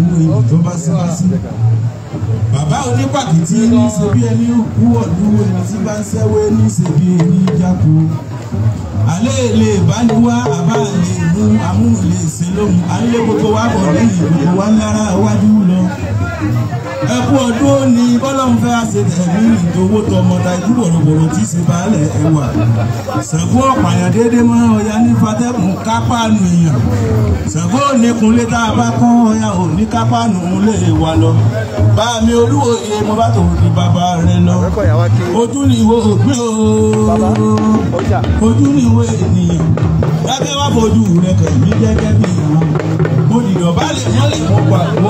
ìlú èyí tó bá sí bá sí. bàbá onípàkìtì ní ṣe ẹni kú ọ̀dúnwó ẹni tí bá ń ṣẹ́wé ní ṣe ẹni jáko. alẹ́ lè bá àbá lè mú amúlè ṣe lóhùn alẹ́ gbogbo wa bọ̀ lẹ́yìn gbogbo wa ń lára wájú lọ. ẹ ọdún ó bọ́ lọ́lọ́run fẹ́ àṣẹ ẹ̀mí ìdòwò tọmọ ta ikú bòròbòrò tí ṣe baálẹ̀ ẹwà Ṣàngó ọ̀pàyàn déédéé mọ́ ọya ní fatẹ́kùn kápánu èèyàn Ṣàngó òníkunlé tá a bá kọ́ ọya òní kápánu lè wà lọ bá mi olúwoyè mo bá tòun di bàbá rẹ lọ ojú ni ìwọ òpin ooo ojú ni ìwọ ènìyàn dákẹ́ wá fojú rẹ kẹ̀mí gẹ́gẹ́ bí ìran mo dìdọ̀ bá lè mọ́lẹ̀ mọ́ pàdé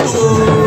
Oh,